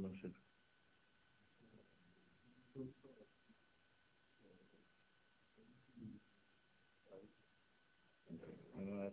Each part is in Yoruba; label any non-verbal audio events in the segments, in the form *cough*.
المنشد أنا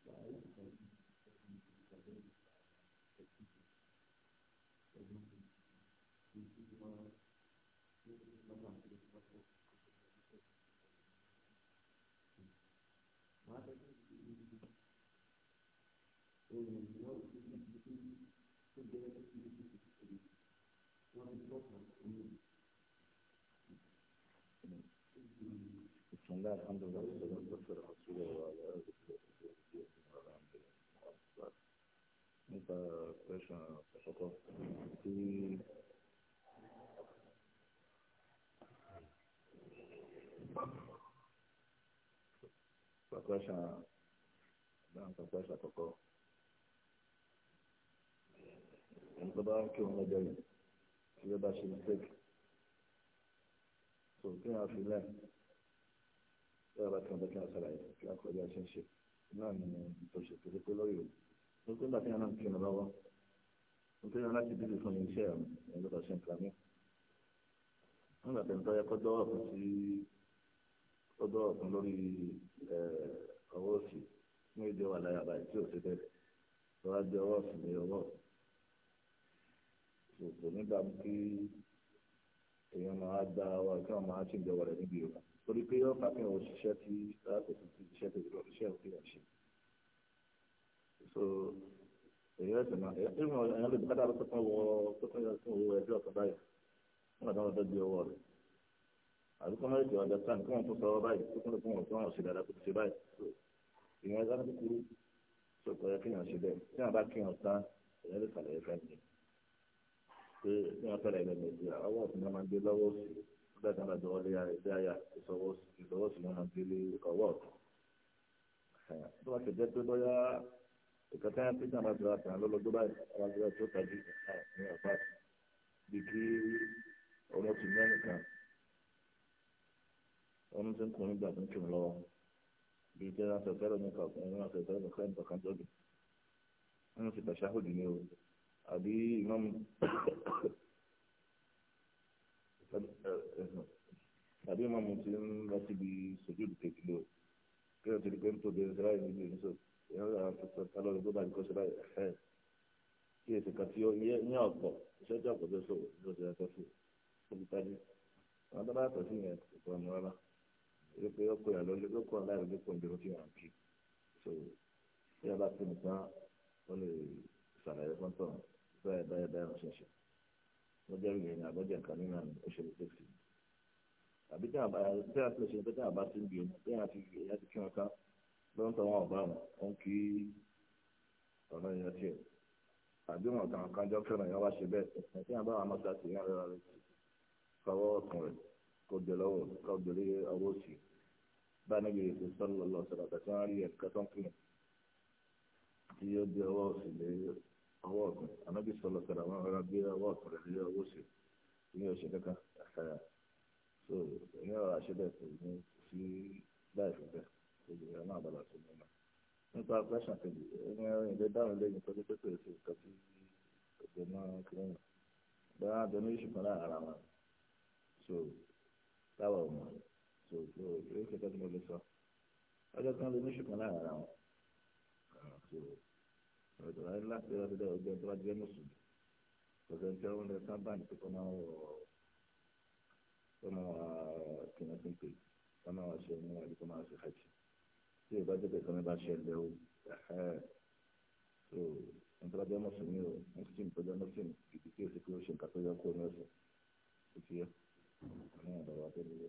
بسم الله الحمد لله والصلاة والسلام على رسول nípa pẹ̀sán àkọ́kọ́ tí pẹ̀sán àdáǹkà pẹ̀sán àkọ́kọ́ ẹni tó bá ń kí òun lọ́jọ́ yìí tí ó bá ṣe mistake tó kí wọ́n fi lẹ́ẹ̀ tí wọ́n bá tẹ̀ wọ́n bá kí wọ́n ṣàlàyé kí wọ́n kọjá ṣe ń ṣe náà ni tó ṣe pé lórí òun ó pé bàtí yàrá ń kí wọn lọ́wọ́ ó pé yàrá ti bíbí fún iṣẹ́ ọ̀hún ẹ̀yìn lọ́dọ̀ ṣe nǹkan mí. wọ́n gbà tẹ̀sán yẹ kó dọ́wọ́ fún sí kó dọ́wọ́ fún lórí ọwọ́ òsì fún èdè wà láyà báyìí tí ò sí bẹ́ẹ̀ lọ́wọ́ á gbé ọwọ́ òsì lé ọwọ́ òsì nígbà kí èèyàn máa gba wa kí wọ́n máa ṣèjọba rẹ̀ níbi ìwà torí pé yóò fà kí wọ́n ṣiṣẹ́ tí alákòóso ti ṣiṣẹ́ tó ti lọ ṣiṣẹ́ òkè ọ̀ṣẹ́ so èyí ẹ̀sìn náà ìmọ̀ èèyàn lè bùkátà lọ sọ́kàn wọ sọ́kàn yẹn fún owó ẹbí ọ̀sán báyìí wọ́n náà dáwọn dọ́gbé ọwọ́ rẹ̀ àbí kọ́ mẹ́rin ìjọba jẹ́sán kí wọ́n tún sọ báyìí tó kún lè fún wọn tí wọ́n ṣe dáadáa kó ti ṣe báyìí ìyẹn ẹ̀sán kúkúrú sọ̀tọ̀ yẹ kéèyàn ṣe bẹ́ẹ̀ tí wọ́n bá kéèyàn tán èèyàn lè sàlẹ̀ ẹ̀fẹ́ mi pé bí wọ́n sọ̀rọ̀ ẹ̀lẹ́ méjì ọwọ́ ọ̀sìn náà máa ń gbé lọ́wọ́ òsì nígbà tí wọ́n bá jọ wọlé lé ọwọ́ ọ̀tún tó ìkàtà yà pété àbájọ àtàn lọlọdọ báyìí àbájọ àti ọtajú ní ọba bí kí ọmọ tì mẹ́rin kan wọn ti ń kùnrin gbà tó ń kírun lọ́wọ́ bí kí wọn sọ fẹ́rẹ̀ nípa ọkùnrin wọn sọ fẹ́rẹ̀ nípa ẹnìkan kan jọgì wọn sì bàṣà hòdì ní o àbí ìmọ̀mù àbí ìmọ̀mù ti ń lọ síbi sojúdù kejì lé kí wọn ti di pé ń tóbi ẹsẹ̀ láì níbi ìrìnsọ̀ èèyàn rà tuntun ká lọ́dún tó bá nǹkan ṣe báyìí ẹ̀hẹ́n kí èsì kan tí ó ní ọ̀pọ̀ iṣẹ́ tí ọ̀pọ̀ tó ṣòwò ló ṣe yàtọ̀ sí ibi tájú àwọn tó bá yàtọ̀ sí yẹn kò tọ́ ọmọ rárá ilé pé ó kó yà lọ ló kó aláìrò ní kò ń dúró tí wọ́n ń kí so bí a bá ti nìkan ó lè ṣàlàyé fọ́ńtọ̀ báyìí báyìí báyìí ránṣẹ́ ṣe wọ́n jẹ́ ìrìn àbọ̀jẹ̀ nǹkan nínú àmì òṣèlú tó fi àbí tí a bá ti ń bí omi bí a ti fi èyí á ti kí wọn ká ló ń tọ́wọ́n ọ̀bá wọn ó ń kí ọ̀rọ̀ yẹn tiẹ̀ àbí wọn kàn kàn jọ fẹ́ràn yẹn wá ṣe bẹ́ẹ̀ ẹ̀sìn àbá àwọn amọ̀ta ti yẹn rẹ̀ rẹ̀ fọwọ́ ọ̀tún rẹ̀ kó jẹ lọ́wọ́ kó jẹ lé ọwọ́ òsì bá níbi ètò sọ́lọ́ lọ sọ̀rọ̀ àtàtì wọn rí ẹ̀ka tó ń kí tí yóò gbé ọwọ́ òsì lé ọwọ́ ọ̀tún ànábì sọ̀lọ̀ sọ̀rọ̀ àwọn ará gbé ọwọ́ ọ̀tún rẹ̀ lé ọwọ́ òsì ní ọ̀sẹ̀ kankan àṣàyà so ìyẹn ọ̀rọ̀ àṣẹ bẹ́ẹ̀ sí láì fi bẹ́ẹ̀ kejì rẹ̀ náà bàlá sí nínú nípa pẹ́sàn kejì ẹni ẹ̀rìn ilé dáhùn lẹ́yìn tó dé pé sí nǹkan tí náà kìlọ̀nù bẹ́ẹ̀ á dẹnu yìí ṣùgbọ́n láàárọ̀ àwọn so táwọn ọmọ so so yóò ṣe tẹ́tí mo lè sọ ọjọ́ kan lè ní ṣùgbọ́n láàárọ̀ àwọn so ọ̀dọ̀ láti láti láti dẹ́ ọjọ́ tó bá jẹ́ mùsùlùmí ọ̀dọ̀ tí wọ́n lè sábà ní pípọ́n náà wọ̀ ọ́ kí ń pè wọ́n máa ṣe ní àdúgbò máa ṣe hajj tí o bá jẹ́ pé kọ́ni bá ṣẹlẹ̀ o so nípa bá jẹ́ mùsùlùmí o muslim tó jẹ́ muslim kìkì tí o sì pé o ṣe nǹkan tó yẹ kó o ní ọ̀sẹ̀ o ti yẹ ọ̀nà àbáwá tó nílé.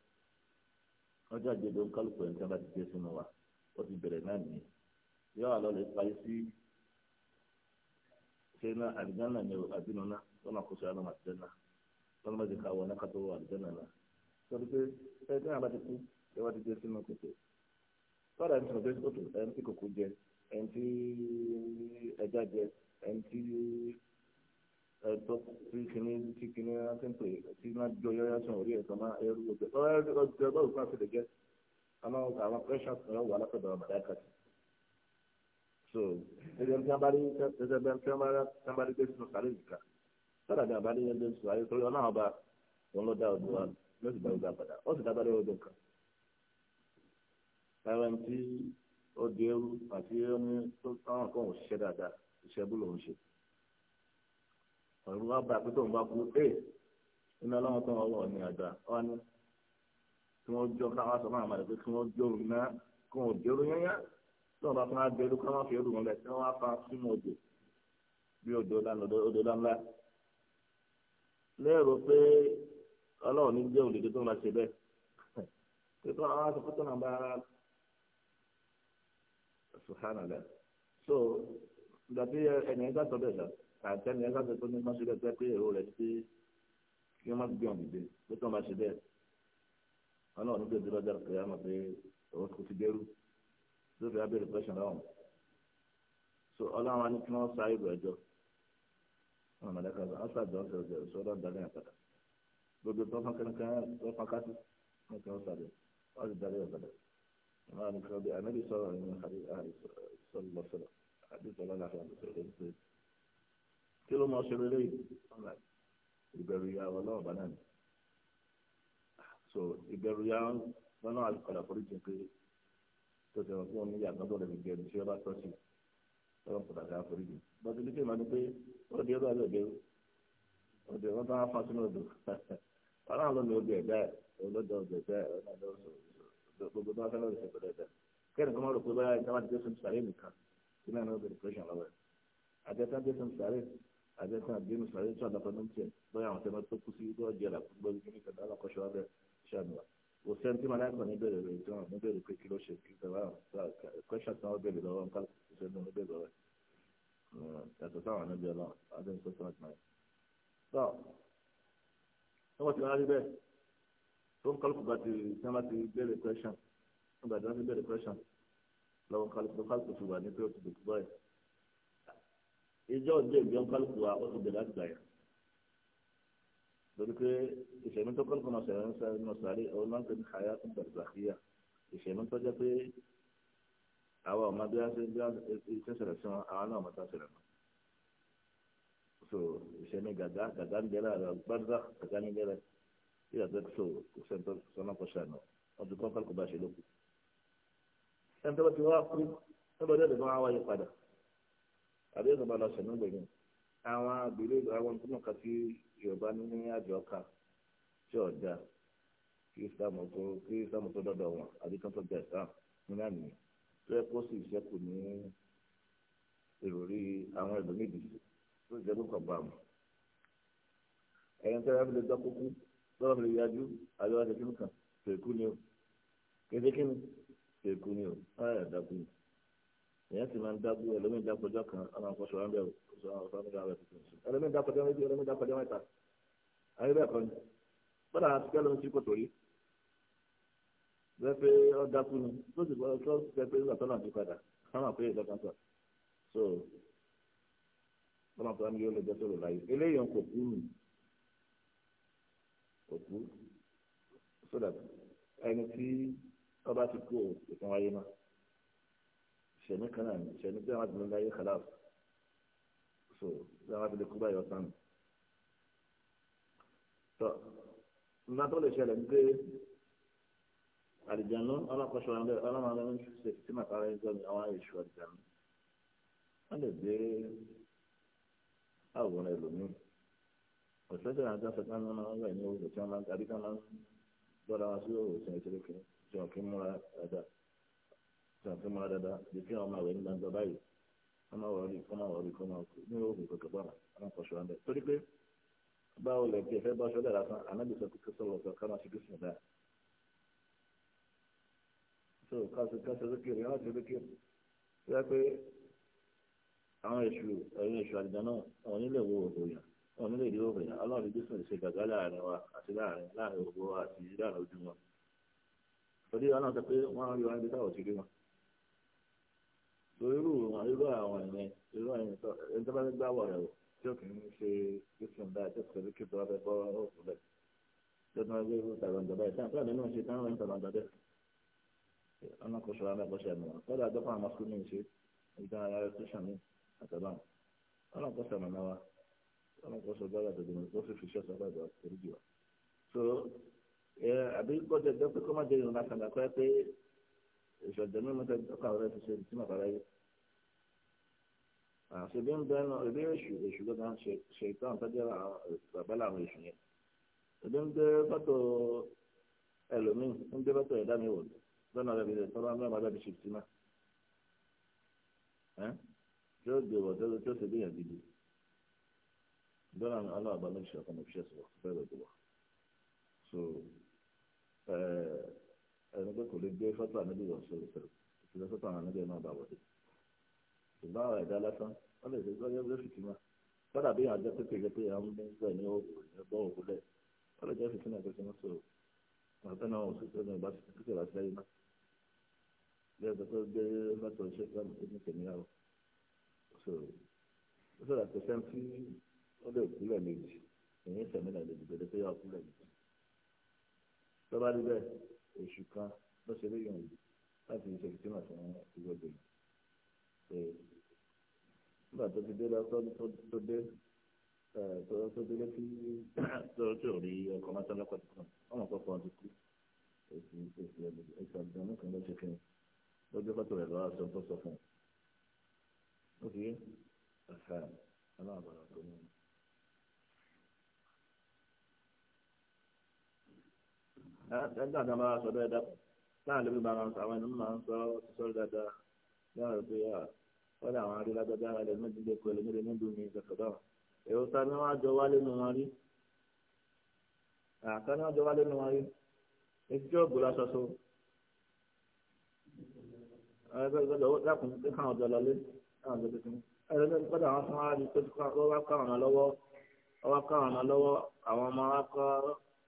ọjọ́ àjẹdọ̀ kálukú ẹ̀ ń tẹ́ bá ti dé sínú wa ó ti bẹ̀rẹ̀ náà nìyẹn yóò àlọ́ lè parí sí sẹ́nà àdìgánà ni àbínú náà lọ́nà àkóso àlọ́ àdìgánà lọ́nà bá ti ka wọ náà kátó àdìgánà náà sọ́dọ̀ pé ẹ tí wọ́n bá ti kú ẹ bá ti dé sínú kòtò tọ́lá ẹni sọ̀rọ̀ pé kòtò ẹni tí kòkó jẹ ẹni tí ẹja jẹ ẹni tí ẹ̀tọ́ tí kìíní tí kìíní láti ń pè tí má jọ yọyọ sùn orí ẹ̀tọ́ máa ẹrú ọjọ́ tó ẹrú ọjọ́ bá òkú àti ìdẹgẹ àwọn àwọn pressure kan wà látọ̀dọ̀ ọmọ dáka sí. so ẹgbẹ́ tí wọ́n bá rí ẹgbẹ́ tí wọ́n bá rí tí wọ́n bá rí gbèsè sàlẹ̀ ìka sọ́dà bí wọ́n bá rí ẹgbẹ́ sùn ayé torí ọlọ́run ọba wọn ló dá ọdún wa ló sì dá ọdún àpàdà ó sì dábàá lé ọdún kan. ẹran tí ó di ewu àti ẹni tó táwọn kan ò ṣiṣẹ́ dáadáa ìṣẹ́ bú lòún ṣe ọ̀rọ̀ wa bá a pé tóun bá kú ẹ̀ iná ọlọ́run tó ń wọ̀ ní àgbà ọ́ ni kí wọ́n jọ káwá sọ fún àmàlẹ́ pé kí wọ́n jọ òun náà kí wọ́n jẹ́ òun yányá tóun bá fún wa bẹ́ẹ̀ lókè wọn fi ẹrù wọn lẹ̀ tí wọ́n á fa sínú odò bí odò lánàá lérò pé ọlọ́run ní jẹ́ òdòdó tó ń bá ṣe bẹ́ẹ̀ pé tó àwọn aṣọ fọ́tò náà bá ara sùhánà lẹ́ so ìgbà tí ẹnìyẹn àtẹnìyẹ sáfẹ tó ní kán sílẹ̀ pé pé èrò rẹ̀ pé kí wọn má gbé ọ̀n dìde pé tí wọn bá ṣe bẹ́ẹ̀ wọn náà nígbà tí wọn dára pé àmọ́ pé òun kò ti dẹrù tó fi abẹ́rẹ́ pẹ́sàn náà wọn. so ọlọ́run wa ní kí wọ́n sa ìlú ẹjọ́ wọn mọ̀lẹ́ka sọ ọ́sà jọ ọ̀sẹ̀ ọ̀sẹ̀ sọ́dọ̀ dalẹ̀ àpàdà gbogbo tó fọ́n kẹ́kẹ́ tó fọ́n kásì ní kí wọ́n sàlẹ̀ wọ́n sì dalẹ̀ àpàdà wọn ni kí ló máa ṣe lé ìbẹ̀rù ìyá ọlọ́run bá ni so ìbẹ̀rù ìyá wọn náà àlùkàlà forí jẹ pé tó ti rọ fún omi yàtọ̀ tó lè fi jẹ ìṣe ọba tọ́sí ọlọ́run kò dàgbà forí jẹ bọ́tí ní kí màá ní pé ó di ẹrú àlọ́ ìdẹ́rù òde wọn bá fa sínú odò ọlọ́run ló ní odò ẹ̀dá ẹ̀ olódò odò ẹ̀dá ẹ̀ gbogbo bá fẹ́ràn ìṣẹ̀kọ̀ ẹ̀dá kẹ́ni kan máa rò pé báyà ìjọba ti dé sùn sàré nìkan sí náà ní obìnrin pẹ̀lú ìṣàn lọ́wọ́ ẹ̀ àjẹsán dé sùn sàré àjẹsán àbínú sàrẹ́ tó àdàpọ̀ ní tiẹ̀ lọ́yà àwọn tẹ́lẹ̀ tó kú sí ìlú ọ̀jẹ̀ rà gbọ́dọ̀ kí ní kàdá alákọ̀ṣọ́ abẹ́ ṣàmùwà kò sẹ́ni tí màá kàn ní bẹ̀rẹ̀ rẹ̀ tí wọ́n ní bẹ̀rẹ̀ pé kí ló ṣe kí tẹ̀wá kẹ́sàn tí wọ́n bẹ̀rẹ̀ lọ́wọ́ nǹkan kò sẹ́ni wọn bẹ̀rẹ̀ rẹ̀ yàtọ̀ sáwọn níbi ọlọ́run adé nǹkan tó máa wọ́n ti wá rí bẹ́ẹ̀ tó ń kálukú bá ti tí ti bẹ̀rẹ̀ kẹ́sàn ìjọ ìjọ ìbí ọ̀nkálùkù wa ó ti bẹ̀rẹ̀ àgbà yẹn lórí pé ìṣẹ̀mí tó kọ́lùkù náà ṣẹ̀rẹ̀ nínú sàárè ọ̀hún náà ń pè ní àyà tó bẹ̀rẹ̀ sàkíyà ìṣẹ̀mí tó jẹ́ pé àwa ọ̀ma bí wọ́n ṣe bí wọ́n ṣe ṣẹlẹ̀ sí wọn àwa náà ọ̀ma tó ṣẹlẹ̀ mọ́ so ìṣẹ̀mí gàgá gàgá ń bẹ̀rẹ̀ àrẹ gbàdúrà gàgá ń bẹ̀rẹ̀ ìyá tó so kò sẹ́ńtọ́ sọ́nà kọ́ ṣàánú ọdún kọ́ńkálùkù bá ṣe lókù ẹni tó bá ti wá kú ẹ àbí ọ̀sán bá lọ sẹ̀nú gbẹ̀yìn àwọn abìlẹ̀ àwọn tó náà kà sí yorùbá ní àjọ ká tí ọ̀dà kí ìsìlámù tó kí ìsìlámù tó dọ̀dọ̀ wọn àbí kan tó gba ìsìlámù nínú àmì tó yẹ kó sì ṣẹ́kù ní ìròrí àwọn ẹlòmíì dìbò tó jẹ́ pé kọ̀ọ̀bà mọ̀ ẹ̀yin tó yẹ kó lè dọ́kúkú lọ́wọ́ fi lè yájú àbí wọ́n ti kí nìkan tèkú ni o kéde kí ni tèkú ni o ọ̀rẹ́ ẹ̀dá kú ni èèyàn sì máa ń dágbó ẹlòmíín dákọjọ kan ọmọ àkọsọ ọmọ bẹ́ẹ̀ sọ àwọn ọmọ bẹ́ẹ̀ rẹ tuntun sí ẹlòmíín dákọjọ méjì ẹlòmíín dákọjọ mẹ́ta ayé bẹ́ẹ̀ kọ́ ni bọ́dà àti kẹ́lẹ́ ti kòtò rí bẹ́ẹ̀ pé ọ dákú ni tó sì gbọ́dọ̀ tó bẹ́ẹ̀ pé nígbà tó náà ti padà káwọn àpéyè lọ́kàn sọ so ọmọ àpéyè yóò lè jẹ́ sọ̀rọ̀ láyé eléyìí kò kú mi kò kú sódà ẹni tí ọba ti kú ìtàn wáyé náà ìṣẹ̀mí kan náà ìṣẹ̀mí tí wọ́n ti lọ láyé kàlàf so tí wọ́n ti lè kú báyìí ọ̀sán. tọ́ nǹkan tó lè ṣẹlẹ̀ ní pé àlìjánu ọlọ́kọ̀ṣọ ọlọ́mọdé ń ṣe tí màtá rẹ̀ ń zọ́ ní àwọn èṣù àlìjánu wọ́n lè gbé àwòrán ẹlòmíì òṣèlú àti àṣetán ní wọn wà ní òwúrọ̀ tí wọ́n máa ń tàbí tí wọ́n máa ń gbọ́dọ̀ wá sàǹtí máa dada bí kí àwọn máa wẹ̀ ní gbangba báyìí wọ́n máa wọ̀ rí wọ́n máa wọ̀ rí kọ́ máa kú ní oògùn kankan bára wọ́n kọ̀ ṣọ́ ẹ̀ torí pé báwo lè kí ẹ̀fẹ́ bá ṣọ́ dára tán ànábì sọ kíkọ́ sọ̀rọ̀ sọ ká máa ṣe kíkọ́ dáa so káṣe káṣe lókèrè káṣe lókèrè tó yẹ pé àwọn èṣù ẹ̀yìn èṣù àdìgbà náà àwọn nílé wo òògùn yàn àwọn nílé ìdí òògùn yàn ọlọ́run ìdí sùn ṣe gàgá láàrin wa àti láàrin láàrin òògùn wa àti láàrin ojú wọn torí ọlọ́run sọ pé wọ́n rí wọn níbi táwọn ti rí wọn so irú irú àwọn ìyẹn irú ẹ̀yìn tó ẹni tó bá ní gbáwọ̀ rẹ̀ o tí ó kì í ṣe kíkùn báyìí tó pẹ̀lú kí tó bá fẹ́ bọ́ òkú bẹ́ẹ̀ tó tó máa gbé irú tàbàǹdà báyìí táwọn fúlàní náà ṣe táwọn ẹ̀yìn tàbàǹdà bẹ́ẹ̀ ọ̀nà kò ṣọ̀rọ̀ àmì ẹ̀kọ́ṣẹ́ mi kọ́dà àdọ́fà àwọn sukùl mi ṣe ìdá ara rẹ̀ tó ṣàmì àtàbà ọ̀nà kò ṣọ̀rọ̀ náà wa ọ̀nà kò ṣọ̀rọ̀ gbára tó dùnmọ̀ tó fi fi ṣọ́ sọ́kọ̀ ìgbà orí jù wa. so àbí gbọ́dọ̀ gbọ́ pé kọ́ má èso àjẹmí mọ́tò ọkọ̀ àwọn ẹ̀fọ́ ṣe tí màbára yé àṣebí ń bẹ́ẹ̀ náà ebi èṣù èṣù gbọ́dọ̀ ṣe ìtàn tó jẹ́ bàbá làwọn èṣù yẹn ebi ń gbé fọ́tò ẹlòmíì ń gbé fọ́tò ẹ̀dá lọ́nà rẹ̀ bìrẹ̀ tọ́lá mẹ́wàá bẹ́ẹ̀ bí ti má ẹ́ tí ó gbé wọ̀ tí ó ṣe bí yẹn gidi lọ́nà aláàbá méjì ọkọ̀ mọ̀ fi ẹni pé kò lè gbé fọ́tò ànábì wọ̀ sórí sọ̀rọ̀ ìṣẹ̀lẹ̀ fọ́tò àwọn ànábì náà bá wọlé ṣùgbọ́n àwọn ẹ̀dá lásán wọ́n lè ṣe gbọ́dọ̀ lè fìtì mọ́ kódà bí àwọn ajẹ́ pépè jẹ́ pé àwọn ń bẹ̀ ní ọgbọ́ òwúlẹ̀ wọ́n lè jẹ́ fìtì náà pé kí wọ́n sọ̀rọ̀ màtá náà wọ́n sọ̀rọ̀ ní ìbáṣe kíkẹ́ láti lẹ́yìn náà bí ẹ̀dá pé gbé fọ́tò ṣe gbàmù ní kẹ̀míyàwó sọ̀rọ̀ oṣù kan lọ́sẹ̀ lóyún òyìn láti ṣe ìtìmọ̀ fún ìgbọ́dọ̀ yìí. nígbà tó ti dé lọ́sọ́dún tó dé tó délé tí tọ́lọ́ tí rí ọkọ̀ máta lọ́kọ̀tì kan ọmọ kọ̀ọ̀kan ti kú èsì èsì ẹ̀sì àgbẹ̀mú kan lọ́jọ́ kọ́tò rẹ̀ lọ́wọ́ aṣọ tó sọ fún un. nígbà tá a máa sọ dáadáa láàrin lóbi bá wọn sọ àwọn ènìyàn máa ń sọ sọ̀rọ̀ dáadáa láàrin pé ah, wọ́n àwọn arí lágbájá rẹ̀ méjì lè kọ́ ẹlẹ́mìí lè níbi mi ìgbàkọ̀dọ̀ èrò ta ni wọ́n á jọ wálé nu wọn rí àká ni wọ́n jọ wálé nu wọn rí etí ọ̀gbọ́ lásọ so lákùn pé káwọn ọ̀dọ́ lọlé káwọn ọ̀dọ́ tuntun ẹ̀rọ ní kọ́dà wọn fún wa rí pé wọ́n wá káwọn lọ́wọ́ àwọn ọmọ wa kọ́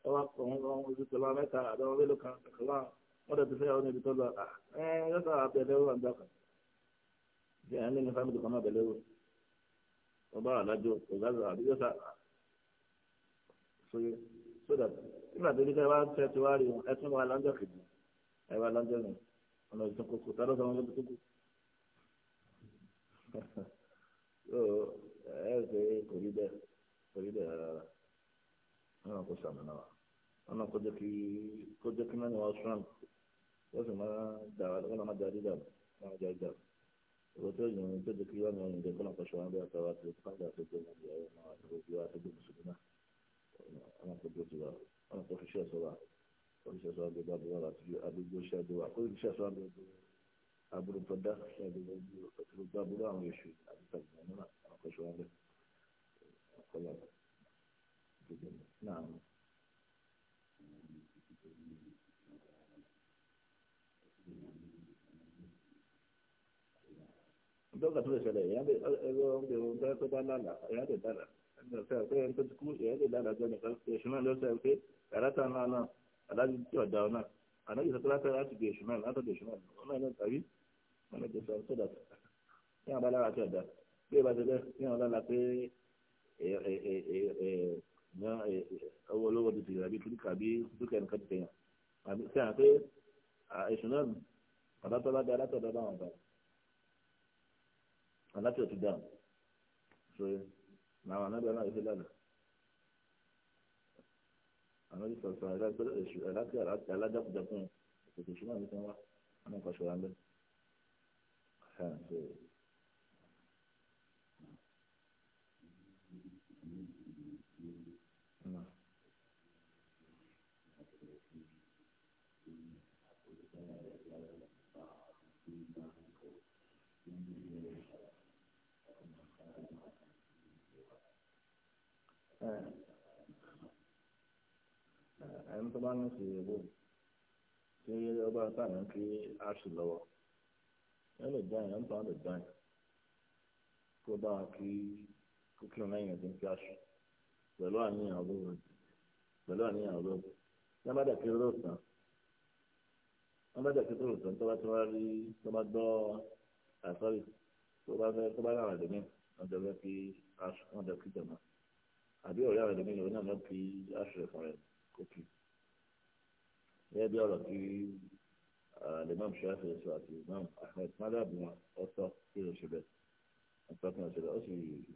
ẹ wá pọ̀ wọn wọn ojú tó lọ mẹ́ta àdéhùn mélòó kan kàkàlá wọn dẹ̀ ti fẹ́ ẹ yọta abẹ́lẹ́ kan bí ẹni ní fámìlì kan náà bẹ̀lẹ́ wọn wọn bá àlájọ ọ̀gáza àbí yọta sóyè sódà nígbà tó ní ká wá fẹ́ ti wá rí wọn ẹ tún wá lọ́jọ́ kejì ẹ wá lọ́jọ́ yẹn ọ̀nà ìtúnkùkù tá ló sọ wọn kò rí bẹ́ẹ̀ kò rárá wọn kò sàmì náà ọ̀nà kọjọ kí kọjọ kí mẹ́rin wá strong wọ́n sì máa dàrá wọ́n máa dàrí dàrú wọ́n máa dàrí dàrú ìwọ tó yìn ní kọjọ kí wọ́n yìn ní kọ́nà kọ́ṣọ́ wọn bí wọ́n tọ́wọ́ àti ìfúnpá àti àti ìgbẹ́ ìgbẹ́ ìyàwó máa tó bí wọ́n àti ìgbẹ́ mùsùlùmá ọ̀nà kọjọ ti wà ọ̀nà kọ́ fi ṣe ẹ̀sọ́ wa kọ́ fi ṣe ẹ̀sọ́ wa bí wọ́n bá àdúgbò ṣe àdó kó fi ẹ̀sọ́ wa bí aburú tó ṣe àdúgbò gbogbo aburú àwọn èṣù àti tàbí ọ̀nà kọ́ṣọ́ wa bẹ́ẹ̀ dọ́gba tó lè ṣẹlẹ̀ èèyàn lè ẹgbẹ́ oúnjẹ ohun tó ẹgbẹ́ bá lálà èèyàn lè dàlà ẹni ọ̀sẹ̀ ọ̀sẹ̀ ẹni tó ti kú èèyàn lè dàlà jọ nìkan èṣù náà lọ́sẹ̀ pé àràtà náà náà aláàbí tí ọ̀dà ọ̀nà ànábì sọ pé látà láti gbé èṣù náà látọ̀dọ̀ èṣù náà ọ̀nà ẹ̀nà tàbí ọ̀nà ìjọ sọ sódà ní àwọn alára àti ọ̀dà bí ìbá ti lẹ́ ní àwọn alára pé owó olówó ti tìyà bí dúkà bí dúkà ẹnìkan ti tẹ̀yàn àbí sí àwọn pé èṣù náà ọ̀dà tó bá aláti ò ti dáhùn so làwọn anábì náà yóò fi lálẹ́ àwọn yóò sọ̀rọ̀ sọ̀rọ̀ ẹ̀dá èṣù aláti alájàkújàkún ètò ìṣúná mi ti wá àwọn kan ṣọra ń bẹ́ẹ̀. ẹni tó bá ní ìṣòro ìbò tí ó bá ń sàmì ń kí aṣù lọ́wọ́ ẹ lè jẹ́ ẹ̀yàn tó ń lè jẹ́ ẹ̀yàn kó bá wa kí kíkún lẹ́yìn ẹ̀dín kí aṣù pẹ̀lú àníyàn olóòrùn pẹ̀lú àníyàn olóòrùn ní abájá kí ló sàn ní abájá kí ló sàn tó bá tó bá rí tó bá gbọ́ àsọ́rí ah, tó bá fẹ́ tó bá rà rẹ̀ lómi wọ́n jọ fẹ́ kí aṣù wọ́n jọ kí jọ̀mọ́ àbí ọ̀rẹ́ àwọn ẹlòmíì lòun náà lọ fi àṣírí fún rẹ̀ kókì gẹ́gẹ́ bí ọ̀rọ̀ tí alimam shafi sọ àti imam ahmed madabu wọn ọ̀tọ̀ kí ló ṣe bẹ́ẹ̀ ọ̀tọ̀ kí ló ṣe bẹ́ẹ̀ ó sì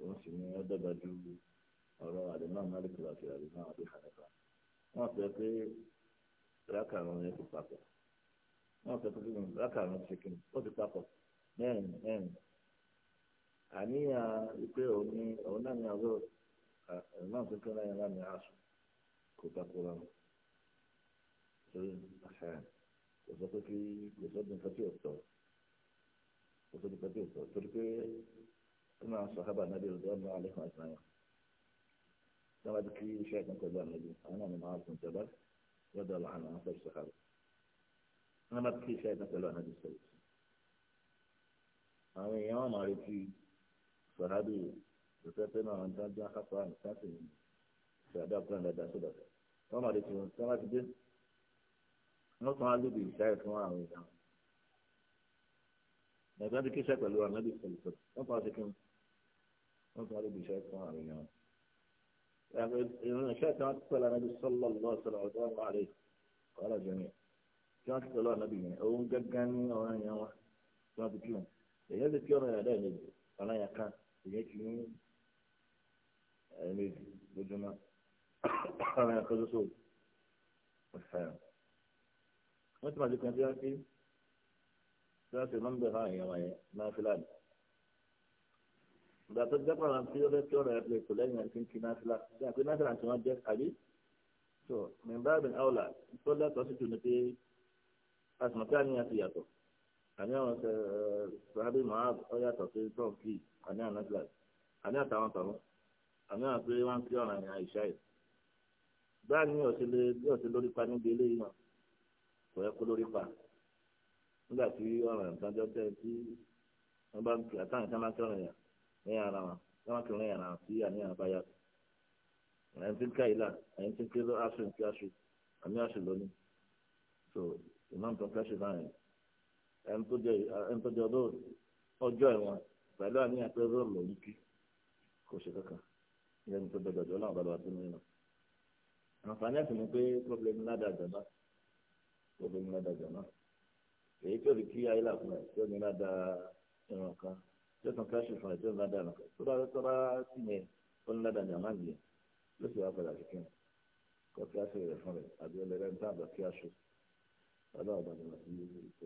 wọ́n sì ní ọ̀dọ́gba ju ọ̀rọ̀ alimam malik àti alimam àti hanifa wọ́n sọ pé rákà àwọn yẹn ti papọ̀ wọ́n sọ pé rákà àwọn imam tó kí lẹ́yìn lánàá àṣù kò takora sórí àṣà kò sọ pé kí kò sọ nǹkan tí ò tọ́ kò sọ nǹkan tí ò tọ́ torí pé nínú àwọn sọ̀hábà nàbí ọ̀dọ́ ọ̀nà àlékún àti náà tí wọ́n ti kí iṣẹ́ ìkan pẹ̀lú àmì àwọn àmì máa fún ìjọba lọ́dọ̀ àwọn àwọn fẹ́ sọ̀hábà wọ́n bá ti kí iṣẹ́ ìkan pẹ̀lú àmì sọ̀rọ̀ àwọn èèyàn wọn máa retí sọ̀hábà yìí kò fẹ́ fẹ́ náà dá bí akápá àmì sáfì ìṣàdá ọkùnrin dáadáa sódà wọn máa lè ti wọn tí wọn bá ti dé wọn kàn án lóbi ìṣáyẹ fún àwọn èèyàn nàìjíríà ti kíṣẹ pẹ̀lú anábì sọlùsọ wọn kàn án sí kí wọn kàn án lóbi ìṣáyẹ fún àwọn èèyàn ìrìn ìṣáyẹ tí wọn ti pẹ̀lú anábì sọlọ lọ sọlọ ọjọ́ wọn ẹ̀ẹ́mẹ́jì lójúmọ́ أنا ẹ̀ka lóṣù ọ̀sán. wọ́n ti máa di في tí wọ́n fi tí wọ́n fi nọ́mbà fáwọn èèyàn wọ̀nyẹn náà fílàní. ìgbà tó jẹ́ pàrọ̀ tí ó fẹ́ kí ọ̀rọ̀ ẹ̀ pé kò lẹ́yìn ẹ̀ ti ń kí náà fílà bí àpé náà fílà tí wọ́n jẹ́ àbí. tó mìíràn àwòlà tó lẹ́tọ̀ọ́ sí jù ní pé àtùmọ̀tí àníyàn ti yàtọ̀ àní àwọn sàbí eh, mahab ọ yàtọ̀ pé tọ́ǹkì àní àná fílà àmì àwọn pé wọ́n fi ọ̀ràn ní gbaa yìí báà ní ọ̀sẹ̀lẹ̀ bí ọ̀sẹ̀ lórí pa níbi eléyìí náà kò yẹ kó lórí pa nígbà tí ọ̀ràn ìtàjọ́ tẹ́ tí wọ́n bá ń kí àtàwọn ìtàn máa kí ọ̀ràn yà ara wọn máa kí yà sí àníyàn bá ẹni tí ń ká ìlà ẹni tí ń ké aṣọ aṣọ àmì aṣọ lónìí so ìmọ̀ lẹ́nu tó dọ̀dọ̀ jọ láwọn bàbá tó nínú. àǹfààní ẹ̀sìn ni pé pọ́blẹ́mù ládàjọ́ náà pọ́blẹ́mù ládàjọ́ náà èyí tó rí kí ayé làkùn ẹ̀ tó ní ládà ìràn kan tó tún káṣí fún ẹ̀ tó ní ládà ìràn kan tó bá tó bá sì yẹn tó ní ládà ìràn máa ń ló sì wá padà kíkẹ́ kọ́ kí á sì rẹ̀ fún rẹ̀ àbí ọlẹ́rẹ́ ń tàbí kí á ṣe ọlọ́ọ̀bà ni wọ́n ti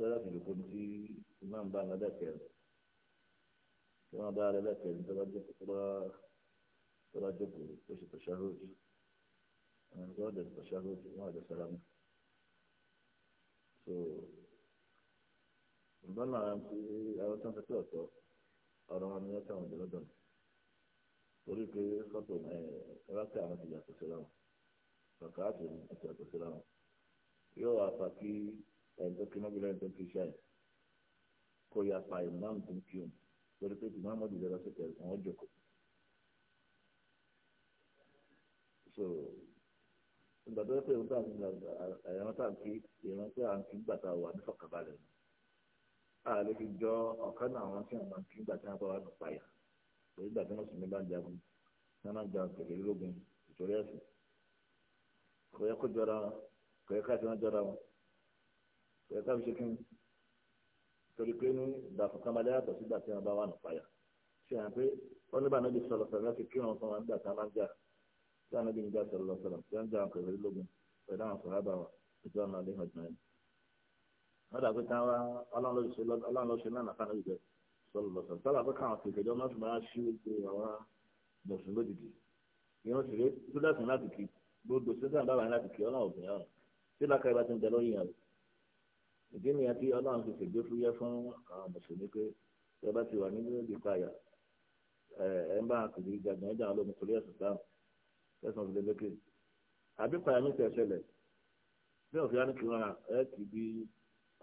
lọ́dọ̀ kìlọ̀ kó tí imam bá lọ́dọ̀ kẹrin tí wọ́n bá lọ́dọ̀ kẹrin tó bá jókòó tó ṣe tọ́ṣáróòjì àwọn tó ọ̀dọ̀ tọ́ṣáróòjì wọ́n ọ̀dọ̀ sálámù. so ìbánu àwọn tó ń fẹ́ ọ̀tọ̀ ọ̀rọ̀ wọn ni wọ́n tàwọn ọ̀dọ̀ lọ́dọ̀ torí pé sọ́tò rákà àwọn ti yàtọ̀ síra wọn kàkà àti ìyàtọ̀ síra wọn yóò wá pa ẹ̀dọ́ kí mọ́bìlì ẹ̀dọ́ kí iṣẹ́ ẹ̀ kó ya pa ìmáàmù tó ń kí òun lórí pé ìmáàmù ọ̀dì ìjọba sì tẹ̀ wọ́n jókòó. so ìgbà tó yẹ pé ìrántí àǹkí ìrántí àǹkí gbà tá a wà ní fọkàbalẹ̀ ni a lè fi jọ ọ̀kan náà àwọn tí àwọn àǹkí gbà tí wọ́n bá wà ní payà lórí ìgbà tí wọ́n sì ní bá jagun ní wọ́n jagun kẹ̀kẹ́ lógun ìtòrí ẹ̀sìn kò yẹ kó jọra kò yẹ ká ti wọ́n jọra wọn ẹ ká fi ṣe kí n torí pé ní ìgbà kankan máa yàtọ̀ sígbà tí wọn bá wà nípayà ṣe hàn pé wọn nígbà náà bí sọlọ sọlọ láti kí wọn fún wọn nígbà tí wọn máa ń jà tí wọn níbi nígbà sọlọ sọlọ tí wọn ń jà wọn pẹ̀lú lógun pẹ̀lú àwọn sọlọ àbáwọn ìjọ náà lè hàn jùlọ yẹn. wọn dàgbé kan wá ọlọ́run ló ṣe náà nàkà náà ìjọ lọ ìdí nìyẹn tí ọlọ́run fi ṣègbè fúyẹ́ fún àwọn mùsùlùmí pé tí ẹ bá ti wà nínú èdè ìpayà ẹ ń bá àkùdí ìjàgbọ́n ẹ̀jà àwọn olómi torí ẹ̀sùn sáà ẹ̀sùn òfin lókè àbí ìpayà mi tẹ̀ ṣẹlẹ̀ bí òfin wa ní kí wọn ẹ kì í bí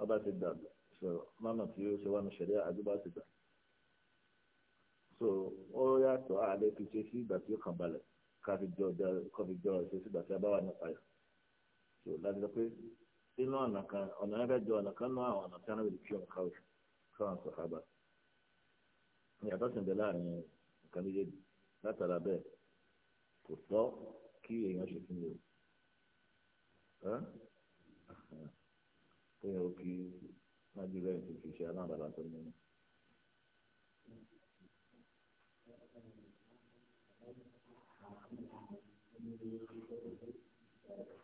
ọba ti dà sọ mọ́nà tí ó ṣe wà ní ṣẹlẹ̀ àdúgbò ti dà so ó yàtọ̀ àlẹ́ fi ṣe sí ìgbà tí ó kàn balẹ̀ káfíjọ́ ọ̀ṣẹ́ sí ìgbà tí a bá wà nípa sínú ọ̀nà kan ọ̀nà yẹn fẹ́ jọ ọ̀nà kan náà àwọn ọ̀nà tí wọ́n lè fi ọ̀nà kàwé fáwọn sọ̀hábà ìyàtọ̀ sì ń bẹ láàrin nǹkan méjèèjì látara bẹ́ẹ̀ kò tọ́ kí èèyàn ṣe fún mi o kéèyàn ó kí májú lẹ́yìn fi ṣe aláǹbàlà tó ní Thank you.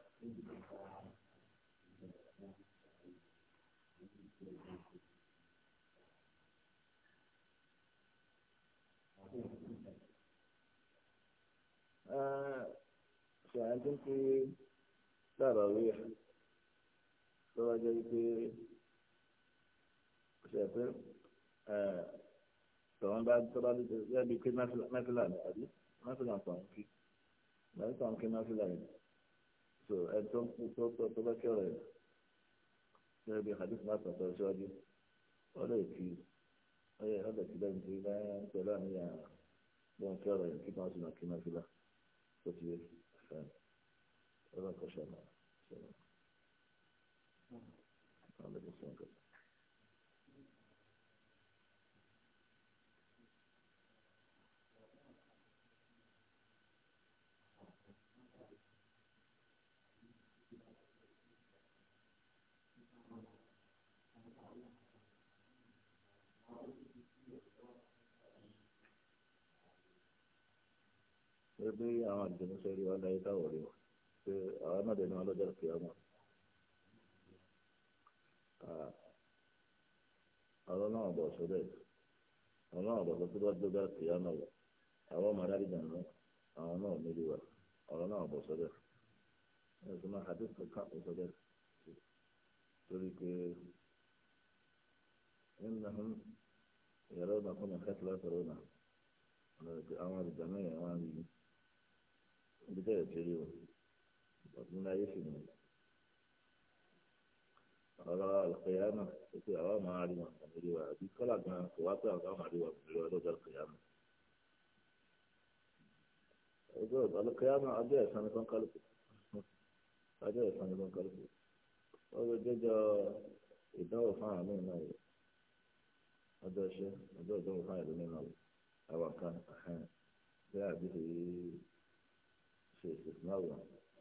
ti ń pe láàbàwí ẹ̀ lọ́wọ́ jẹ́ wípé ṣe pé tọ́wọ́n bá tọ́ba lóṣèlú bí pé náfìlà ni àbí náfìlà ń pàwọn kí náà ń pàwọn kí náfìlà yìí so ẹ tó ń tó tó tó bá kí ọ̀rọ̀ yìí lórí bí hadith náà tọ̀tọ̀ síwájú ọ̀rọ̀ èkì ọ̀rọ̀ ọ̀rọ̀ èkì lẹ́yìn tí bá ń pẹ̀lú àníyàn bọ́n kí ọ̀rọ̀ yìí kí wọ́n sì máa kí náfìlà tó ti yẹ fẹ́ẹ́. Alaikum salam. Alaikum salam. Jadi awak jenis saya riwayat itu orang. pé àwọn náà a wọn lọ́jọ́ kí ọmọ sọ bẹ́ẹ̀ ọ̀rọ̀ náà bọ̀ sọ pé wọ́n gbé gbàgbé ọmọ wọ̀ àwọn na adárí dànù àwọn náà níbi wà إنهم يرونكم ọdún ayé sì nù ọ̀rọ̀ àlùkòyàmà tó pé àwọn máa rí wọn kàn lórí wa àbí kọ́là gan kò wá pé àwọn máa rí wọn kàn lórí wa lọ́jọ́ àlùkòyàmà. ọjọ́ àlùkòyàmà ọjọ́ ẹ̀san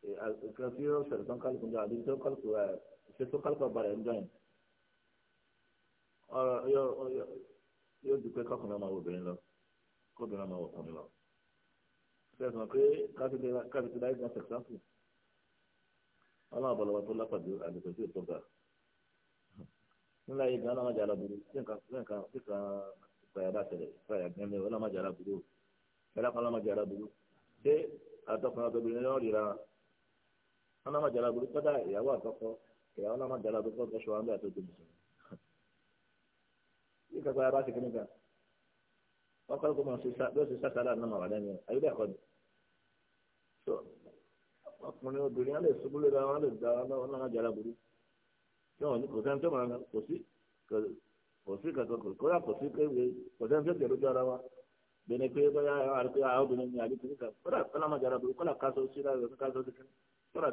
fi ọ̀sẹ̀ tó ń kálukú jọ àbí tó ń kálukú ẹ̀ ṣe tó ń kálukú ọ̀bàrẹ̀ ń jọyìn ọ̀rọ̀ yóò dùn pé kọkùnrin ọmọ obìnrin lọ kóbìnrin ọmọ ọkùnrin lọ fẹsàn pé káfíńtì láì gbọ́n sẹ̀sáfù ọlọ́run ọ̀bọ̀lọ́wọ́ tó lápàdé àdìgbò tí ò tó ga nílẹ̀ yìí gan-an ọmọ jàrá burú tí nǹkan tí kan ìpàyà bá tẹ̀lé ìpàyà gan-an ọlọ́mọ jàrá burú ẹ̀rọ kan ọlọ́mọ jàrá burú ṣé àtọkùnrin àtọkùnrin náà ríra wọn náà má jàlá burú kọ́dà ìyàwó àkọ́kọ́ ìyàwó náà má jàlá burú kọ́kọ́ ṣọwọ́n bẹ́ẹ̀ tó dùn sùn. *laughs* bí kankan yàrá ṣe kíni kan wọn kọ́ kó máa ṣe bí ó ṣe sásàlá náà máa wà lẹ́nu ayé bẹ́ẹ̀ kọ́ ni. so ọkùnrin obìnrin wọn lè ṣubú lóra wọn lè da wọn náà má jàlá burú kí wọn kò sẹ́ni tó máa kò sí kò sí kankan kò kóra kò sí kéwé kò sẹ́ni tó jẹ̀rú jọra wa bẹ́ẹ̀ ni pé bóyá àwọn àrùkọ́ àwọn obìnrin ni àbí kìnnìkan kóra kọ́lá má jàlá burú kọ́lá kásọ̀ sí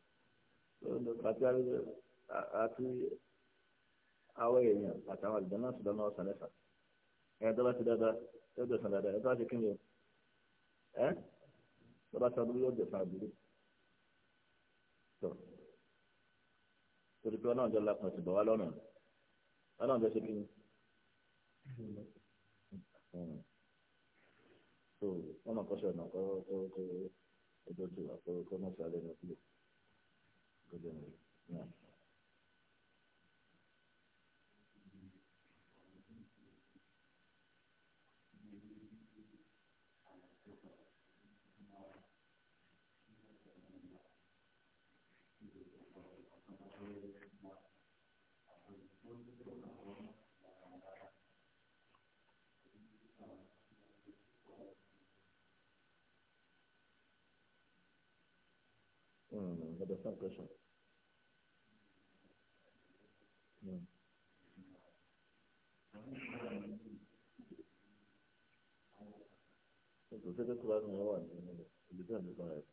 àti àti àwọn èèyàn àtàwọn àgbẹ̀ náà sọ̀dọ̀ náà sàn lẹ́sà ẹ̀yìn tó ti dáadáa yóò jẹ̀ sàn ẹ̀ tó ti kí ni o ẹ̀ tó bá sàn lórí sàn àbúrò tó torí pé ọlọ́run jọ lakùn ẹ̀sìn bọ̀ wá lọ́nà kí ni tó mọ̀ ọ̀nà kọ́ Good day. Yeah. um, hmm, understand question. Mm. Ètò ìṣẹ́jọ́ tó bá ní ọwọ́ àti ìmọ̀lẹ̀ ìdíjọ́ ìdíjọ́ rẹ̀.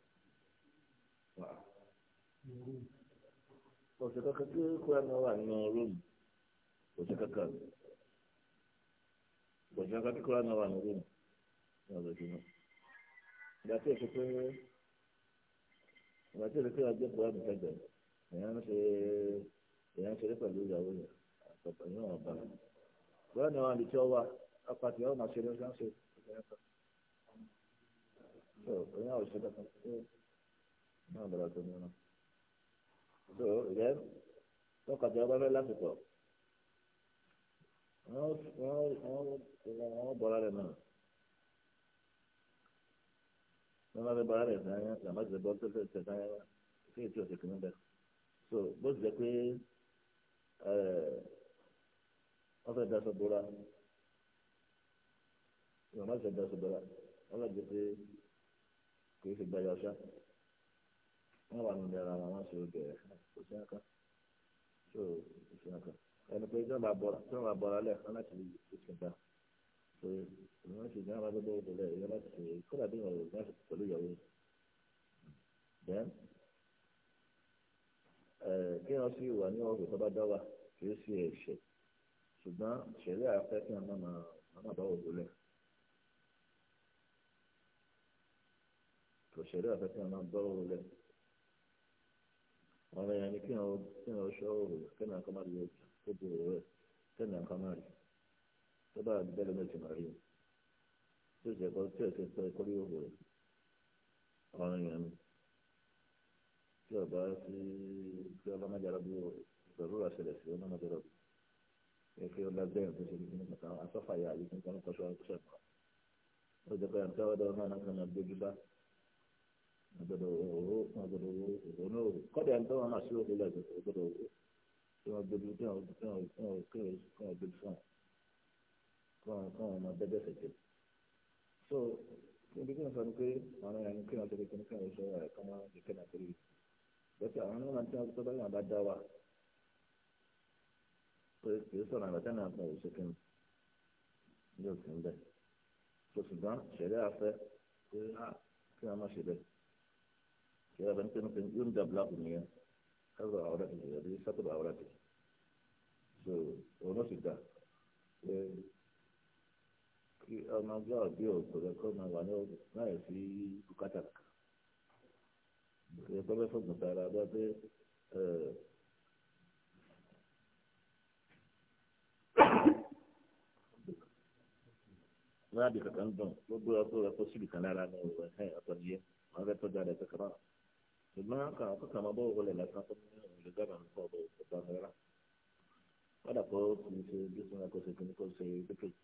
Ọ̀sẹ̀ kankan tí kúrẹ́ náà wà nínú rúùmù. Ọ̀sẹ̀ kankan. Ọ̀sẹ̀ kankan tí kúrẹ́ náà wà nínú rúùmù. Ìgbà tí èso pé ìgbà tí olùkọ́ yà jẹ́ kóra nìkan jẹ èèyàn ń ṣe èèyàn ń ṣeré pẹ̀lú ìyàwó yẹn àtọ̀tọ̀ yẹn wọn bá bóyá ni wọn àlè tí ó wà apàtì yẹn wọn máa ṣe ló ṣáà ṣe ìgbà kan so èèyàn ò ṣe kankan tó náà bẹ̀rẹ̀ tó ní wọn. so ìyẹn wọn kàtà ọba fẹ́ lásìkò wọn wọn wọn bọ̀ra rẹ̀ náà. wọn bá bá rẹ̀ dáná làmá ti bọ́ tẹ́tẹ́ tẹ́ dáná sí ètò ọ̀sẹ̀ kìíní bẹ́ẹ̀ so bó ti jẹ́ pé wọ́n fẹ́ daṣọ bóra làmá ti fẹ́ daṣọ bóra wọ́n lọ́ọ́ jẹ́ pé kì í fi gbayọ̀ ọ̀ṣá wọ́n wà nílẹ̀ ara wọn ṣe oge so kò sí nǹkan ẹni pé tí wọ́n bá bọ́ra tí wọ́n bá bọ́ra lẹ̀ wọ́n láti lè 所以没关系，让他这边回来，让他去，后来这个那是国内有，人，呃，跟老师玩的我给他把刀吧，就是也是，是的，现在在看那么那么多回来。òṣèré ọ̀fẹ́ tí tó bá àdúgbò lọ́mọ ti máa rí o tó ṣe kọ́ tí ọ̀sẹ̀ pẹ́ kórí òwò rẹ̀ ọ̀run yẹn ni tí ọba sí tí ọba máa jàrọ̀ bí ìṣòro rà ṣẹlẹ̀ sí ọba máa jàrọ̀ bí kí ọba bẹ́ẹ̀ tó ṣe ní kíni kankan asọ́fà yà yìí kíni kankan kọ́ṣọ́ ọ̀ṣọ́ ẹ̀kọ́ ó jẹ́ pé àǹtí ọ̀dọ́ náà náà kàn dojú bá ọ̀gbọ̀dọ̀ owó ọ̀gbọ̀dọ̀ owó ìrònú òwò káwọn ọmọ bẹ́bẹ̀ fẹ̀jẹ̀. so níbi tí wọ́n sọ ni pé àwọn ẹ̀yàn kí wọ́n tẹ̀lé kí wọ́n sọ ẹ̀ kọ́ wọn kẹ̀kẹ́ náà tẹ̀lé bẹ́ẹ̀ àwọn náà tí wọ́n tó bá yàn bá dá wa pé kì í sọ̀rọ̀ àgbàtà náà fún òṣèlú kí ni yóò fi ń bẹ̀. so ṣùgbọ́n ṣẹ̀rẹ́ afẹ́ pé ah, kí wọ́n má ṣe bẹ́ẹ̀ kí wọ́n fẹ́ ń pè yóò ń dàbí láàbù nìyẹn kásọ̀ àwòrán kejì àbí sátọ̀ àwòrán kejì kí ọmọ ọjọ́ ọ̀bí òkú rẹ máa wà láì sí bùkátà kan ìpínlẹ̀ pẹ́ fẹ́ fọ̀gùn sára pé wọ́n á di kàkà dùn ló gbé ọtọ́ rẹ kó lára ní ìwé ẹ̀ ọ̀tọ̀ ni yẹ wọ́n fẹ́ tọ́jú àdàtọ̀ kan náà ṣùgbọ́n kàn kó kàn máa bọ́ wọlé lásán tó ní ìlú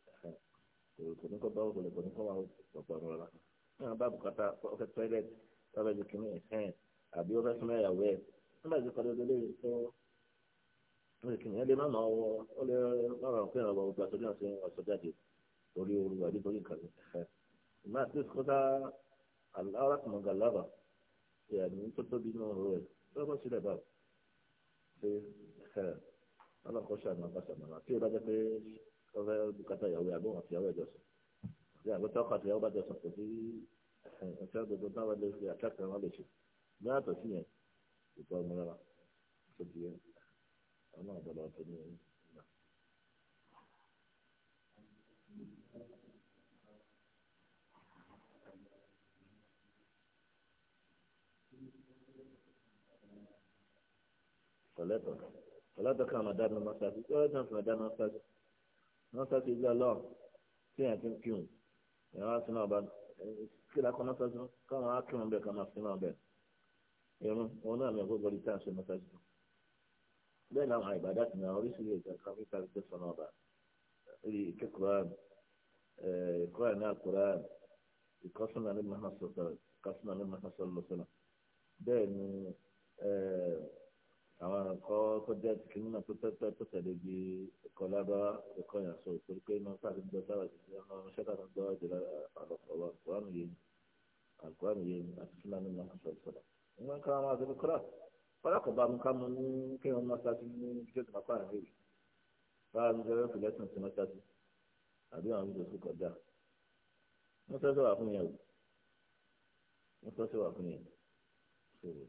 kò ní kọ́ bá òkòlè kò ní kọ́ wà ọ̀pọ̀ ọ̀rọ̀ la náà bá bùkátà ọ̀fẹ́ toilet ọ̀fẹ́ ju kìnnì ẹ̀hẹ́n àbí ọ̀fẹ́ súnmọ́ ìyàwó ẹ̀ nígbà tí kọ́lé ọdún léèrè tó ọ̀rẹ́ kìnnì ẹ̀ lè má máa wọ ó lè lọ́rọ̀ pé ọ̀rọ̀ ọ̀gbà tó dáhùn sí ọ̀sọ̀ jáde torí ooru àbí torí ìkàlẹ̀ ẹ̀hẹ́ ìmọ̀ àti ìsúkọ́tà alárakùnmọ̀gàlábà ìyàní tó tóbi náà rẹ̀ lọ́kọ̀ sílẹ̀ bá ṣe ẹ̀hẹ́ ọlọ́kọ̀ ṣàmì fẹ́ bukata ìyàwó àbí wọn fìyàwó ẹjọ sùn àti àbí tọkọ àti ìyàwó bá jọ sùn kò sí ẹsẹ gbogbo náà wọn lè fi àtàkì wọn lè ṣe ní àtọ̀ sí yẹn ìtọ́ ọmọ rárá tó di yẹn ọmọ àgbàlá tó ní yẹn. Tọ́lẹ́tọ̀ tọ́lẹ́tọ̀ kan máa dáná máa ṣáájú tọ́lẹ́tọ̀ kan máa dáná máa ṣáájú nọ́sàtì ìgbà lọ́ọ̀ tí èèyàn ti ń kírun èèyàn wá sínú ọba kíra kọ́ nọ́sàtì káwọn á kírun bẹ́ẹ̀ káwọn á sínú ọbẹ̀ irun òun náà mẹ́kọ́ gbọ́dọ̀ tí a ń ṣe nọ́sàtì tó bẹ́ẹ̀ làwọn àìbàdà ti náà oríṣiríṣi ìjà kan fífa ti tẹ̀sán ọba rí ike koran ìkọ́ ẹ̀ náà koran ìkọ́sùn àlẹ́ mọ́hásọ̀lọ́sọ̀lọ́ bẹ́ẹ̀ ni àwọn ẹ̀kọ́ tó jẹ́ kìíní náà tó tẹ́tẹ́ tó tẹ̀lé di ẹ̀kọ́ lábára ẹ̀kọ́ yẹn sọ torí pé iná sáà ti gbọ́ sára ti ṣe ọmọ ṣẹ́ tàbí gbọ́ ìdílé àlọ́kọ̀ọ́ àkùránù yẹn àkùránù yẹn àti fúlàní náà sọ ìṣọ̀rọ̀ ìwọ̀n kan máa ṣe kọ́lá kọ́lá kò bá mu ká mu ní kí wọ́n máa ṣáṣí ní kíkẹ́ tó máa pààrọ̀ léèrè báwa ní sẹ́fẹ́ fìlẹ́sìn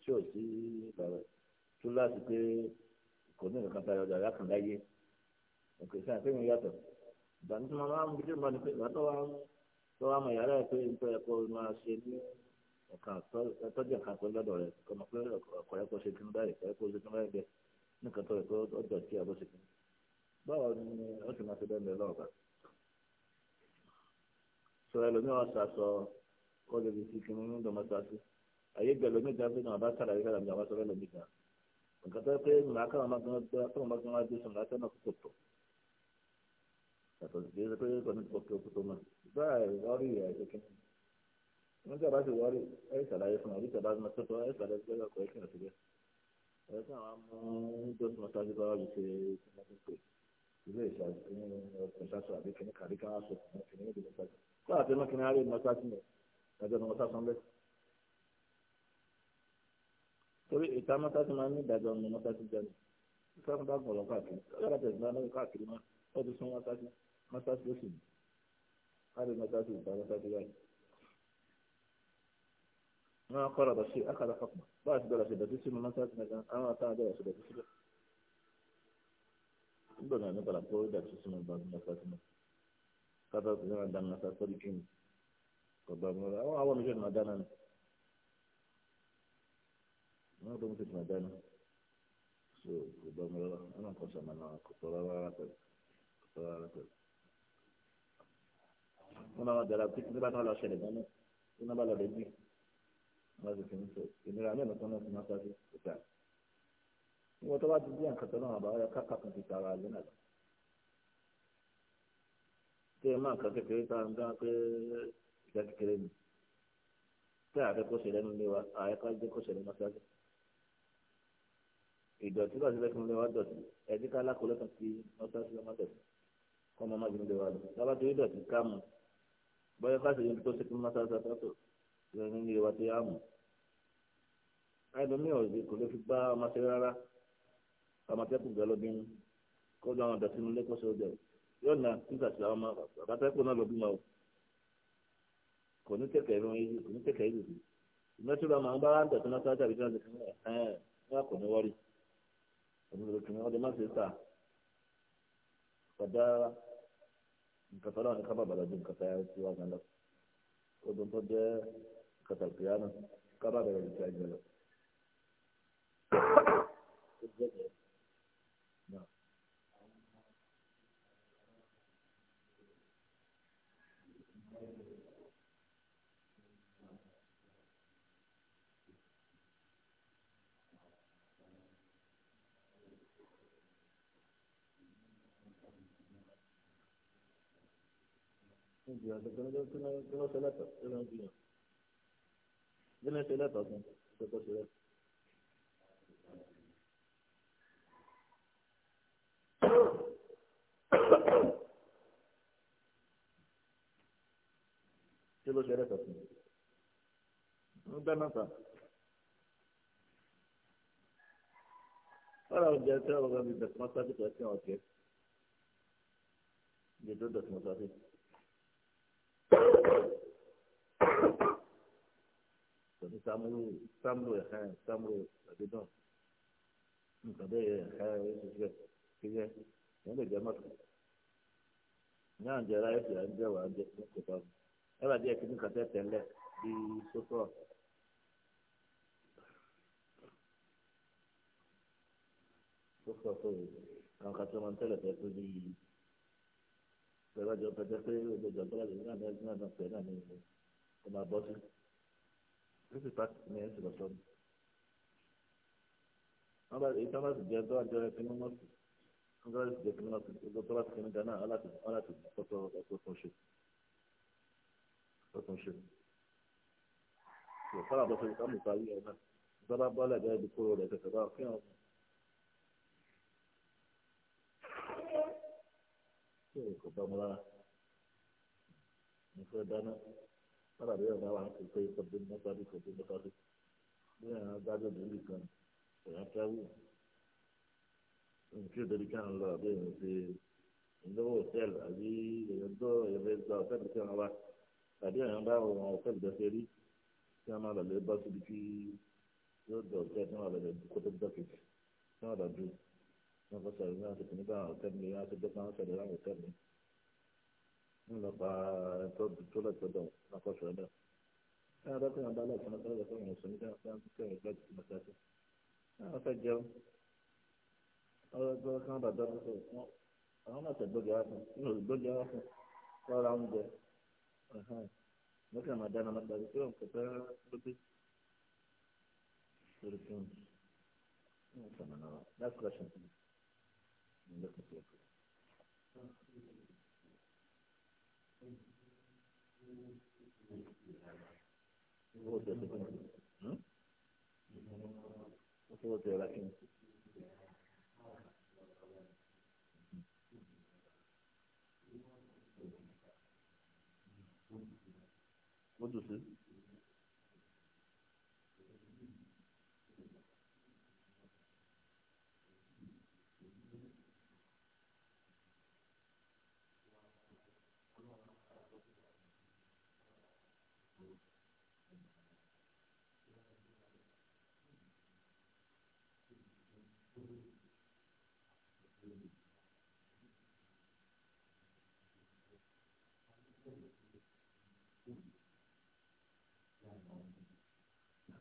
tí ò sí ìbàrẹ̀ tó láti pé kò ní nǹkan tayọ ọjà yàtọ̀ láyé òkè sí àpéyìn yàtọ̀ ìgbàanì tí wọn máa ń bí wọn ni pé ìgbà tó wà tó wà mọ yàrá pé nǹkan ẹ̀kọ́ máa ṣe ní pẹ̀lú pé ẹ̀kọ́ ṣe kí báyìí ẹ̀kọ́ ṣe kí báyìí a ṣe kí n ayé gbẹlẹ méjì á fẹ́ràn àbá sàlàyé fẹ́ràn àbí àbá sọ fẹ́ràn méjì kan nǹkan tó yẹ pé làákàrà máa gan tó máa gan adé sùn làákàrà náà kò tó yàtọ̀ sí pé kò ní kò tó kò tó náà báyìí wọ́ọ̀rì ẹ̀ṣẹ̀ kìíní wọ́n tí a bá ti wọ́ọ̀rì ẹ̀ sàlàyé fún wa bí tí a bá ti máa tó ẹ̀ sàlàyé fún wa kò ẹ̀ kìíní àti bẹ́ẹ̀ ẹ̀ sàn wá mú jọ́sìn ọ̀tá ti bá wà lùsẹ̀ kí wọ́n ti pè ilé ìṣàṣọ àbí kìíní kàrí torí ìta mọ́sáàsì máa ń ní ìdájọ́ ọmọ mọ́sáàsì jẹ́nu mọ́sáàsì bá gbọ̀n lọ káàkiri ọlọ́dà tẹ̀sí máa ń lọ káàkiri máa ó ti sún mọ́sáàsì mọ́sáàsì ló sì ní káàdì mọ́sáàsì ìta mọ́sáàsì yáyì. wọ́n á kọ́ra bàṣí akàdá fapọ̀ bá a ti bẹ̀rẹ̀ ṣèdọ̀tí sínú mọ́sáàsì nìkan àwọn àtàwọn bẹ̀rẹ̀ ṣèdọ̀tí síbẹ̀. nígbà náà ní padà kó wọn bá mọ́tò tìmọ̀ dáná so kò bá mi rárá wọn kò sàmà náà kò tọ́ rárá pẹ̀lú kò tọ́ rárá pẹ̀lú. wọn náà wọn dára tí kí bá tán lọ ṣẹlẹ̀ dáná tí wọn bá lọ lẹ́bí wọn sì fi ń sọ ìnira mẹ́rin tó náà ti máa sáré kò tà. wọn tó bá ti bí àǹkàtà náà àbáwọ̀ yẹ káàkà kan ti tara àlẹ́ náà lọ kí ẹ máa kà kékeré tá à ń dá pé ìjà kékeré ni tí ààrẹ kò ṣẹlẹ̀ nílé wa ààrẹ ká jẹ kó ṣẹlẹ̀ mọ́ṣáláṣí ìdọ̀tí bá ti lẹ́kùn lé wa dọ̀tí ẹ̀dí ká lákòólẹ́ kan sí ọ̀sán sí ọmọ dọ̀tí kọ́ ọmọ máa gbìyànjú wa lọ tábà tó dọ̀tí ká mu bọ́yá ká sì yẹn tó sẹ́kùn máa sáré sàtọ́tò lẹ́nu ilé wa tó yá mu. ẹlòmíì ọ̀dẹ kò lè fi bá ọmọ ṣe rárá ọmọ tẹ́kùn gbẹ lọ́bí mu kó lọ àwọn dọ̀tí nílé kó ṣe yóò na nígbà tí àwọn bàbá tẹ́kùn náà lọ́bí òdòdó kìnìún ọdẹ má ṣe sà kọjá nǹkan tó náà ní kábàbà lọ ju nǹkan tó yára sí wa gan lọ odò tó jẹ nǹkan tó kìá náà kábàbà lọ ju ti lọ. jìyà lọ́jọ́ lọ́jọ́ tí wọ́n ṣe lẹ́tọ̀ tí wọ́n jìyà bí wọ́n ṣe lẹ́tọ̀ gan ṣe tó ṣe lẹ́tọ̀. kí ló ṣe lẹ́tọ̀ fún mi ń bẹ́ mẹ́ta. Fọ́lá ọ̀jẹ̀ tí wọ́n bá mi bẹ̀rẹ̀ mọ́tàkì tó ẹ̀sìn ọ̀jẹ̀. Ìjẹ́jọ́ dọ̀tí mọ́tàkì pẹ̀lú samuru samuru ẹ̀hẹ́ samuru àdédàn nǹkan bẹ́ẹ̀ ẹ̀hẹ́ ẹ̀ṣiṣẹ́ kíyẹ́ ẹ̀ lè jẹ́ mọ́tò ní àwọn jẹ́ra ẹ̀ṣẹ̀ à ń jẹ́ wà á jẹ́ fún kò bá mu ẹ̀rọ àdé ẹ̀kíní kan tẹ́ tẹ́lẹ̀ bí sọ́tọ̀ sọ́tọ̀ tó àwọn kan tó máa ń tó ní yìí pẹ̀lú ọjọ́ pẹ̀jẹ́ pé ọjọ́ tó wáyé náà náà náà náà pẹ̀lú náà ní ìlú ó máa bọ́ sí fífi pàtì ní ẹ̀sìn lọ́sọ́ ni. wọ́n bá èyí tó bá sì jẹ́ tó àjọ ẹ̀sìn mú mọ́sì wọ́n bá sì jẹ́ tó mọ́sì ọjọ́ tó bá sì kẹ́mi dáná aláàtì aláàtì ọ̀tọ̀ ọ̀tọ̀ ṣe ọ̀tọ̀ ṣe. ìfọ̀rọ̀ àbọ̀sọ̀ ìfọ̀rọ̀ àbọ̀sọ̀ ìfọ̀rọ̀ àbọ̀sọ̀ ìfọ̀rọ̀ àbọ̀sọ̀ ìfọ̀rọ̀ àbọ̀sọ̀ ìfọ̀rọ̀ tó kò bá mu rárá nǹkan dáná lára bí ọ̀gá wa ń pè pé kò dé mọ́tàdé kò dé mọ́tàdé bí àwọn adájọ́ ló lè kàn èèyàn káwù nǹkan ìdẹ́bí kí àwọn lọ àbí èèyàn ṣe ìlọ́wọ́ hòtẹ́ẹ̀lì àbí èèyàn tó ẹ̀fẹ́ gba hòtẹ́ẹ̀lì kí wọ́n wá tàbí èèyàn bá wọn hòtẹ́ẹ̀lì dẹ́sẹ̀ rí kí wọ́n máa lọ lè bá síbi kí yóò dọ̀ hòtẹ́ẹ̀lì kí wọ́n lọ lè kótó wọn kọ sọ̀rọ̀ náà tuntun nígbà àwọn ọ̀tẹ́ mi wọn ti dé pa sọ̀rọ̀ láwọn ọ̀tẹ́ mi ńlọ pa tó lọ tọdọ wọn sọ̀rọ̀ náà ẹ ẹ dọkítà bá lọọ fún ọ̀tọ̀ ìyẹn sọ nígbà tí wọn kẹrin gbà tí wọn kẹsí wọn fẹ́ jẹun ọ̀rọ̀ tó kí wọn bàbá sọ̀rọ̀ wọn àwọn náà tẹgbọgì wá What does it?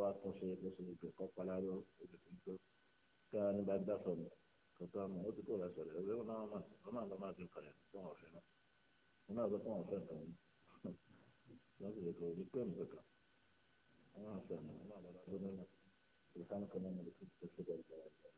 wá tún ṣe bó ṣe lè kọ́ paláró ìgbìgbò ká ní bá gbà sọ̀rọ̀ kò tó àmọ́ ó ti kó rẹ̀ sọ̀rọ̀ ẹ̀rọ náà wọ́n máa wọ́n máa lọ máa fi kọ̀rẹ̀ tó wọ́n fẹ́ náà wọ́n náà sọ fún wọn fẹ́ nǹkan yìí wọ́n sì lè kọ̀ ní pé mi kankan wọ́n máa sọ̀rọ̀ wọ́n máa lọ lọ́dún náà ìsánkọ̀ náà mo lè fi ṣe ṣe